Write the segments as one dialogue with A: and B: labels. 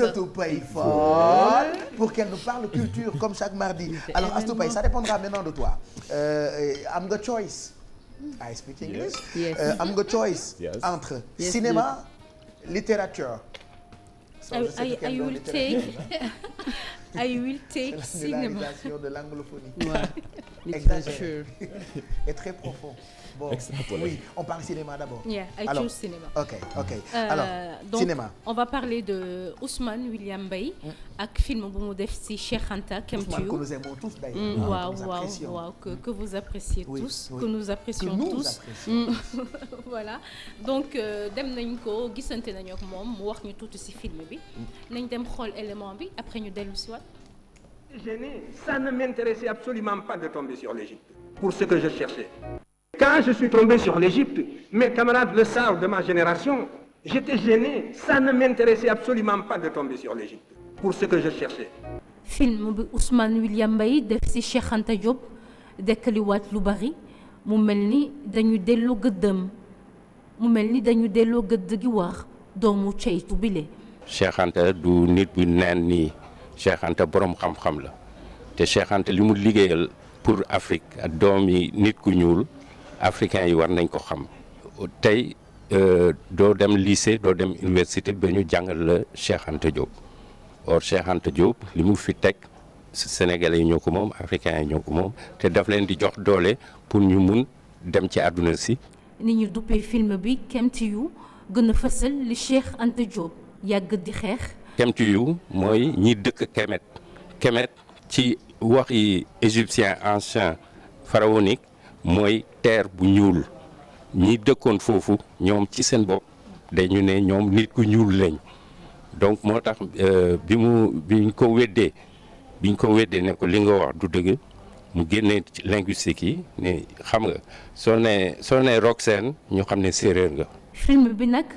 A: Toto Paye Fall pour qu'elle nous parle culture comme chaque mardi alors Astou Paye ça dépendra maintenant de toi am euh, eh, nga choice I speak nga euh, choice entre cinéma littérature so
B: I will take cinéma
A: de l'anglophonie. Ouais. exagéré et très profond. bon oui on parle cinéma d'abord. yeah I choose cinéma. ok ok euh, alors euh, cinéma donc
B: on va parler de Ousmane William Mbaye. Mm. ak film bu mu def ci Cheikh Anta Kemtiou. Ousmane que nous
A: aimons tous d'ailleurs. Mm, ah, waaw waaw waaw
B: que que vous mm. appréciez tous. que nous apprécions tous voilà donc euh, dem nañ ko gisante nañu ak moom mu wax ñu tuuti ci film bi. nañ dem xool élément bi après ñu dellu ci waat gêné, ça ne m'intéressait
A: absolument pas de tomber sur l'Égypte, pour ce que je cherchais. Quand je suis tombé sur l'Égypte, mes camarades le savent de ma génération, j'étais gêné, ça ne m'intéressait absolument pas de tomber sur l'Égypte, pour ce que je cherchais.
B: film bi Ousmane William Mbaye def ci Cheikh Anta Diop dekkaliwaat lu bari mu mel ni dañu delloo gëddëm mel ni dañu delloo gëdd gi wax doomu ceytu bile.
C: Cheikh Anta nit bu neen nii. Cheikh Anta borom xam-xam la te Cheikh li mu liggéeyal pour Afrique doom yi nit ku ñuul africain yi war nañ ko xam tey euh, doo dem lycée doo dem université ba ñu jàngal la Cheikh Anta Diop or Cheikh Anta li mu fi teg sénégale yi ñoo ko moom africains yi ñoo ko moom te daf leen di jox doole pour ñu mun dem ci àdduna si.
B: ni ñu duppee film bi Came to You gën a fësal li Cheikh Anta yàgg di xeex.
C: Kemtiyu mooy ñi dëkk Kemet Kemet ci wax yi égyptien ancien pharaonique mooy terre bu ñuul ñi dëkkoon foofu ñoom ci seen bopp dañu ne ñoom nit ku ñuul lañ donc moo tax euh, bi mu bi biñ ko weddee biñ ko weddee ne ko li nga wax du dëgg mu génne ci linguistique yi ne xam nga soo nee soo nee Roxane ñu xam ne séeréer nga.
B: film bi nag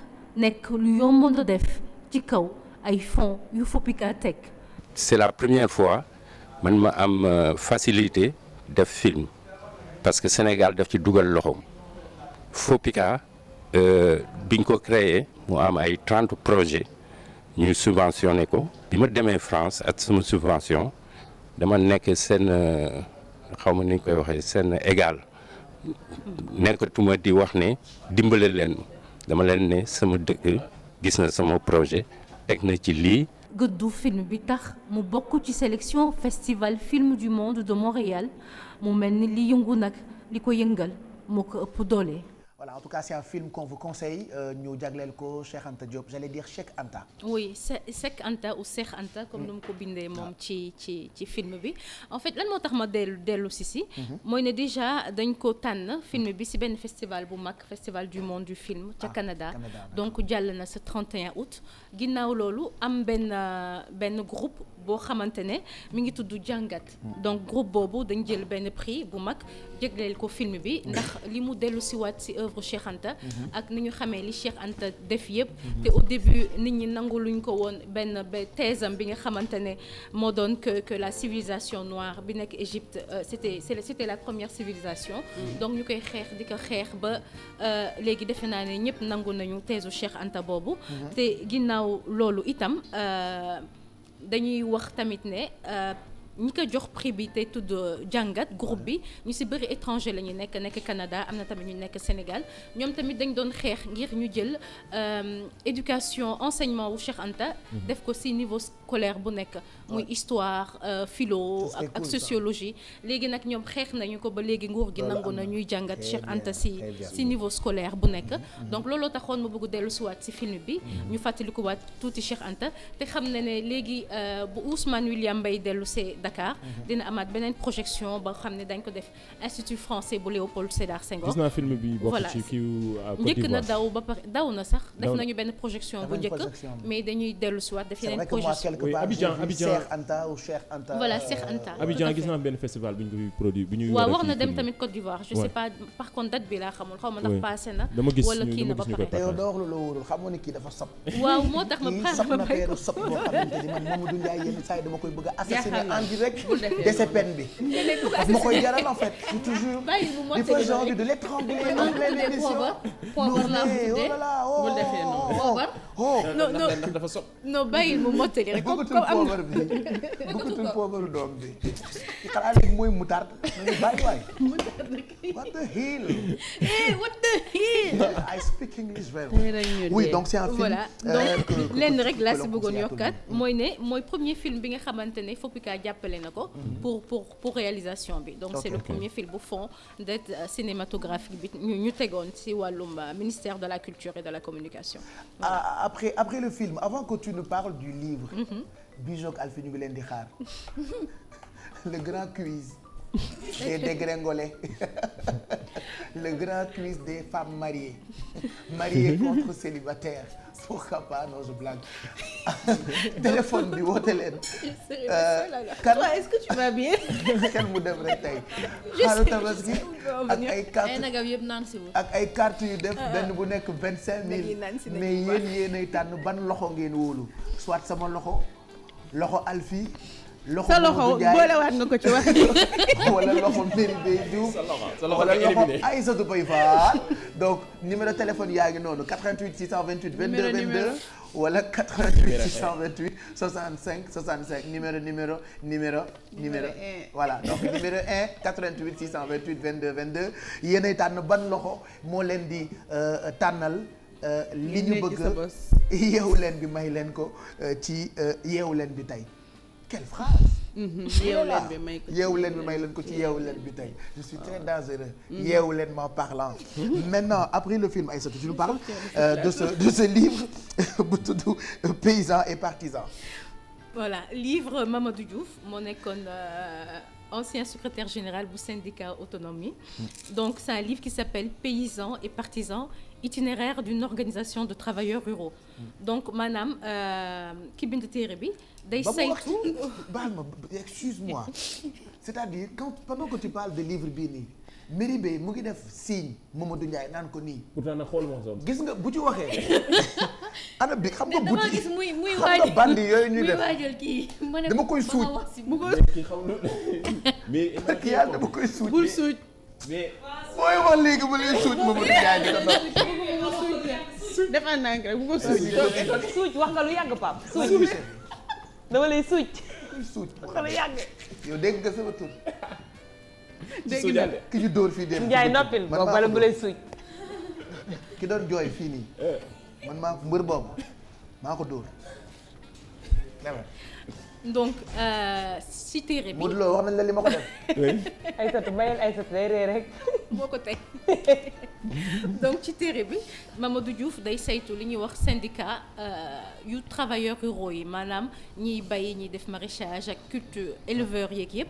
B: nekk lu yomb def ci kaw. ay fonds yu Fopica teg.
C: c'est la première fois man ma am euh, facilité def film parce que Sénégal def ci dugal loxoom Fopica euh, biñ ko créer mu am ay trente projets ñu subventionné ko. bi ma demee France ak sama subvention dama nekk seen euh, xaw ma ni ñu koy waxee seen égal nekkatuma di wax ne dimbale leen dama leen ne sama dëkk gis na sama projet. teg na ci lii.
B: gëddu film bi tax mu bokk ci sélection festival film du monde de Montréal mu mel ni li yëngu nag li ko yëngal moo ko ëpp doole.
A: voilà en tout cas c'est un film euh, ko Cheikh Anta Diop j'allais dire Cheikh
B: comme mm. nu mu ko bindee moom ah. ci ci ci film bi en fait lan moo tax ma dellu dellu si mm-hmm. mooy ne déjà dañ ko tànn film bi si benn festival bu mag festival du monde du film. ca ah, Canada donc jàll na sa 31 août. ginnaaw loolu am benn benn groupe boo xamante ne mi ngi tudd jàngat. Mm. donc groupe boobu dañ jël benn prix bu mag jagleel ko film bi mm. ndax li mu dellu si waat si œuvre Cheikh mhm. ak ni ñu xamee li Cheikh Anta def yëpp. Mhm. te au début nit ñi nangu luñ ko woon benn ba teesam bi nga xamante ne moo doon que que la civilisation noire bi nekk Égypte euh, c'était c'était la première civilisation. Mhm. donc ñu koy xeex di ko xeex ba euh, léegi defe naa ne ñëpp nangu nañu teesu Cheikh Anta boobu. te ginnaaw loolu itam euh, dañuy wax tamit ne. ñi ko jox prix bi tey tudd euh, jàngat groupe bi ñu ci bëri étranger la ñu nekk nekk Canada am na tamit ñu nekk Sénégal ñoom tamit dañ doon xeex ngir ñu jël euh, éducation enseignement wu Cheikh Anta. Mhm. def ko ci niveau scolaire bu nekk. muy histoire filo euh, ak ak sociologie. léegi nag ñoom xeex nañu ko ba léegi nguur gi nangu na ñuy jàngat Cheikh Anta ci ci niveau scolaire bu nekk. Mhm, mhm. donc looloo taxoon ma bëgg dellu siwaat ci film bi. ñu fàttalikuwaat tuuti Cheikh Anta te xam na ne bu Ousmane William Mbaye dellu see. Dakar. Mhm. dina amaat beneen projection ba xam ne dañ ko def institut français bu Léopold Sédar Senghor. gis naa film bi bokk ci
C: kii njëkk na daw
B: ba pare daw na sax. def nañu benn projection bu njëkk. mais dañuy dellu waat def yeneen
A: projection. bu
C: euh, ñu produit bu ñuy. waaw na dem
B: tamit Côte d'Ivoire. je sais pas par contre date bi laa xamul xaw ma ndax passé na.
C: wala kii na ba pare
A: lu la wóorul kii dafa sab. waaw moo tax ma pare ma bàyyi ko kii sab na ji rek dese peine bi
B: ma koy jaral en fait toujours il faut j'ai envie de l'étrangler en pleine émission non mais oh là là oh oh non non dafa sob non bàyyil mu mottali rek. comme comme na bukkutul
A: mooy moutarde nañu bàyyi waay. what the hell. hey what the
B: rek laa bëggoon yokkaat mooy ne mooy premier film bi nga xamante ne Fopica jàppale na ko. pour pour pour réalisation bi. donc c'est le premier film bu fond d'aide cinématographique bi ñu ñu tegoon si wàllum ministère de la culture et de la communication.
A: après après le film avant que tu ne parles du livre. Mm-hmm. Bijok Alfi ñu ngi leen di xaar. le grand quiz.
B: des dégringolés
A: le grand quiz des femmes mariées. mariées contre célibataires. pourquoi pas non je blague téléphone bi woote leen. kan waaw est-ce mu dem rek tey. xaaru tabaski ak ay
B: cartes
A: ak ay cartes yu def benn bu nekk vingt cinq mille mais yéen yéenay tànn ban loxo ngeen wóolu soit sama loxo loxo Alfie. loxo sa loxo boolewaat nga ko ci wax. wala loxo mbiri bay sa loxo wala loxo Aïssatou Paye Fall. donc numéro téléphone yaa ngi noonu 88 628 22 22. wala 88 628 65 65 numéro numéro numéro. numéro voilà donc numéro 1 88 628 22 22. tànn ban loxo moo leen di euh, tànnal. Euh, li ñu bëgg yeewu leen bi may leen ko euh, ci yeewu leen bi tey. quelle phrase. Mm-hmm. yeewu leen bi may ko ci yeewu leen bi may leen ko ci yeewu leen bi tey je suis très dangereux. Mm-hmm. yeewu leen m'en parlant. maintenant après le film Aïssatou tu nous parles euh, de ce de ce livre bu tudd euh, paysans et partisans.
B: voilà livre Mamadou Diouf moo nekkoon. Euh, ancien secrétaire général bu syndicat autonomie mm. donc c'est un livre qui s'appelle Paysans et partisans itinéraire d'une organisation de travailleurs ruraux hmm. donc maanaam euh, ki bind téere bi day saytu
A: baal ma excuse-moi c'est-à-dire quand pendant que tu parles de livre bii ni Méribé mu ngi def signe Mamadou Ndiaye naan ko nii. pourtant nag xool moom gis nga bu ci waxee. ana bi xam nga buti dama gis muy muy waajal xam nga bandi yooyu ñuy def muy waajal kii. dama koy suuj mu ko mais kii yàlla dama koy suuj. bul suuj mais. defal ndànk rek bu ko suuj wax nga lu yàgg Pape suuj dama lay suuj suuj wax nga lu yàgg yow dégg nga sama tur ki ñu dóor fii dem Njaay noppil eh. boobu wala maa ko dóor
B: donc euh, si téere bi Modou Lo wax nañ la li ma ko def Aïssatou bayal Aïssatou day ree rek moo ko teg donc ci téere bi Mamadou Diouf day saytu li ñuy wax syndicat euh, yu travailleurs ruraux yi maanaam ñiy bay ñiy def maraîchage ak culture éleveurs yeeg yëpp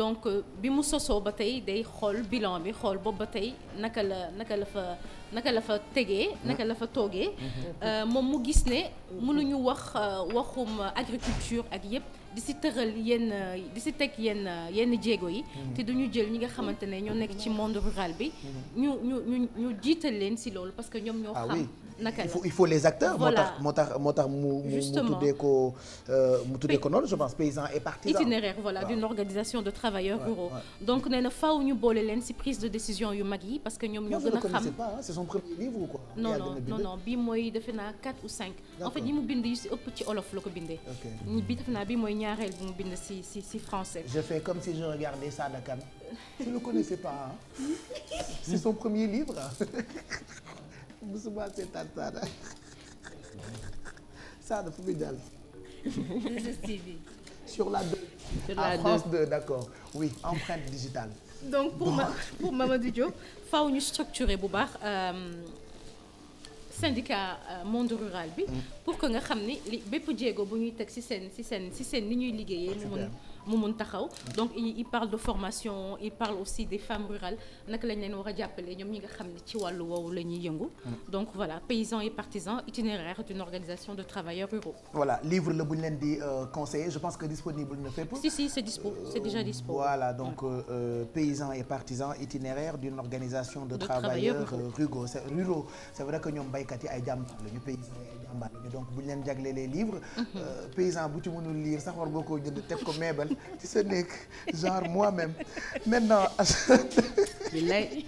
B: donc euh, bi mu sosoo ba tey day xool bilan bi xool boobu ba tey naka la naka la fa naka la fa tegee naka la fa toogee mm-hmm. euh, moom mu gis ne mënuñu wax waxum agriculture ak yëpp di si tëral yenn di si teg yenn yenn jéego yi. Mm-hmm. te du ñu jël ñi nga xamante ne ñoo nekk ci monde rural bi. Mm-hmm. ñu ñu ñu ñu jiital leen si loolu parce que ñoom ñoo ah xam. naka la les
A: acteurs. moo tax moo moo tax mu. justement euh, mu tuddee ko mu tuddee ko noonu je pense paysans et partisans. itinéraire
B: voilà d'une organisation de travailleurs ruraux. donc nee na faaw ñu boole leen ci prise de décision yu mag yi parce que ñoom ñoo gën a xam.
A: c'est son premier livre non non non non
B: bii mooy defe ou 5. en fait yi mu bind yi ci ëpp ci olof la ko bindee. ok bi defe naa bii mooy ñaareel bu mu bind ci ci ci français. je
A: fais comme si je regardais Sada Kane. je ne le pas c'est son musuma seetaan Sada Sada fu muy dal.
B: sur la 2. sur la 2 France
A: 2 d'accord oui empreinte digitale.
B: donc pour bon. ma pour Mamadou Diop faw structurer bu baax euh, syndicat euh, monde rural bi. Mm. pour que nga xam ni li bépp jéego bu ñuy teg ci seen ci seen ci seen ni ñuy liggéeyee mu mun mu mun taxaw donc il parle de formation il parle aussi des femmes rurales naka lañ leen war a jàppale ñoom ñi nga xam ne ci wàllu woowu la ñuy yëngu mm. donc voilà paysans et partisans itinéraire d'une organisation de travailleurs ruraux
A: voilà livre la bu ñu leen di euh, conseiller je pense que disponible na fépp si
B: si c'est dispo euh, c'est déjà dispo
A: voilà donc euh, euh, paysans et partisans itinéraire d'une organisation de, que ñoom baykat yi ay jàmbaar la ñu donc bu ñu leen jaglee les livres mhm. euh, paysan bu ci mënul lire sax war nga koo jënd teg ko meebal ci sa néeg genre moi-même maintenant billaay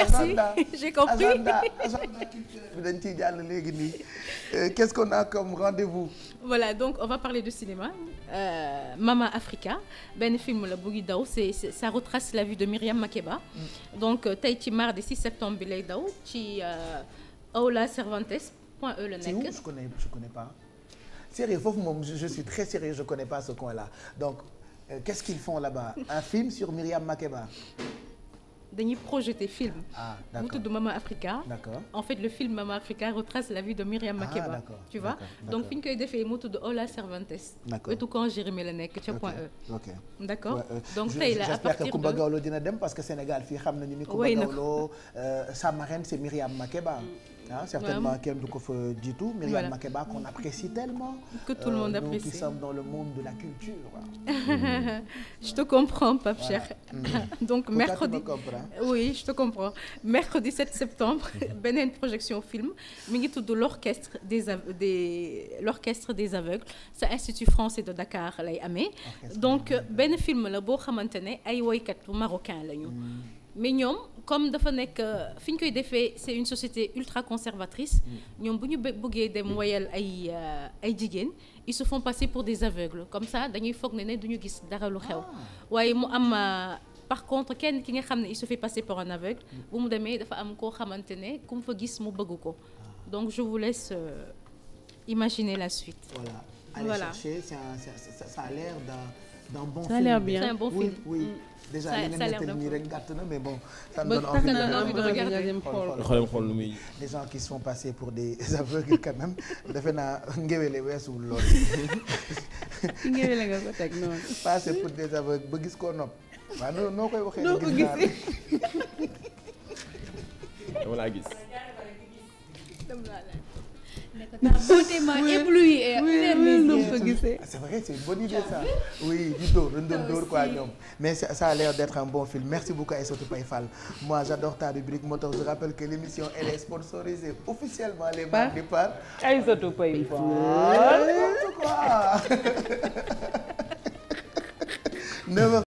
B: j'ai compris bi
A: dañ ciy jàll léegi nii euh, qu'est-ce qu'on a comme rendez-vous
B: voilà donc on va parler de cinéma euh, Mama Africa benn film la bu ngi daw c'est ça retrace la vie de Myriam Makeba mm. donc euh, tey ci mardi 6 septembre bi lay daw ci Aula Cervantes point E je
A: connais pas. sérieux foofu moom je suis très sérieux je connais pas ce coin là donc euh, qu'est-ce qu'ils font là-bas un film sur Myriam Makeba.
B: dañuy projeté film.
A: ah d'accord en
B: fait le film Mama Africa retrace la vie de Myriam ah, Makeba. tu vois donc fi ñu koy defee mu tudd Ola Cervantes. d'accord ëttu camp Jérémie la nekk ca point E.
A: ok d'accord ouais, euh, donc tey la à partir de dina dem parce que Sénégal fii xam nañu ni. Kumba Gawlo euh, sa marraine c'est Myriam Makeba. Mm. ah certainement kenn du ko fa jiitu. voilà Myriam Makeba qu'on apprécie tellement.
B: que tout le monde euh, apprécie nous qui
A: sommes dans le monde de la culture.
B: je te comprends Pape voilà. Cheikh. Mm. donc Pourquoi mercredi oui je te comprends mercredi 7 septembre beneen projection film mi ngi tudd l'orchestre des des l'orchestre des aveugles sa institut français de Dakar lay amee. donc benn film la boo xamante ne ay woykat bu marocain lañu. Mm. mais ñoom comme dafa nekk euh, fi ñu koy defee c'est une société ultra conservatrice mm. ñoom bu ñu bëggee dem mm. woyal ay euh, ay jigéen ils se font passer pour des aveugles comme ça dañuy foog ne ne du ñu gis dara lu xew ah. waaye mu am euh, par contre kenn ki nga xam ne il se fait passer pour un aveugle mm. bu mu demee dafa am koo xamante ne ku mu fa gis mu bëgg ko ah. donc je vous laisse euh, imaginer la suite voilà allez chercher ça, ça, ça, d'un bon film c'est un bon film
A: déjà li nga nettali nii rek gàtt na mais bon. ça me donne envie de regarder xool xool lu muy. les gens qui sont passés pour des aveugles quand même defe naa ngéwéle weesuwul lool. ngéwéle nga ko teg noonu. passé pour des aveugles ba gis koo nopp waaw noo noo koy waxee. noo ko gisee
C: dama laa gis.
B: Ah, c'est
A: vrai c'est une bonne idée ça oui di dóor dañ doon dóor quoi ñoom mais ça a l'air d'être un bon film merci beaucoup Aïssatou Paye Fall moi j'adore ta rubrique moo tax je rappelle que l'émission elle est sponsorisée officiellement les mardis par Aïssatou Paye Fall 9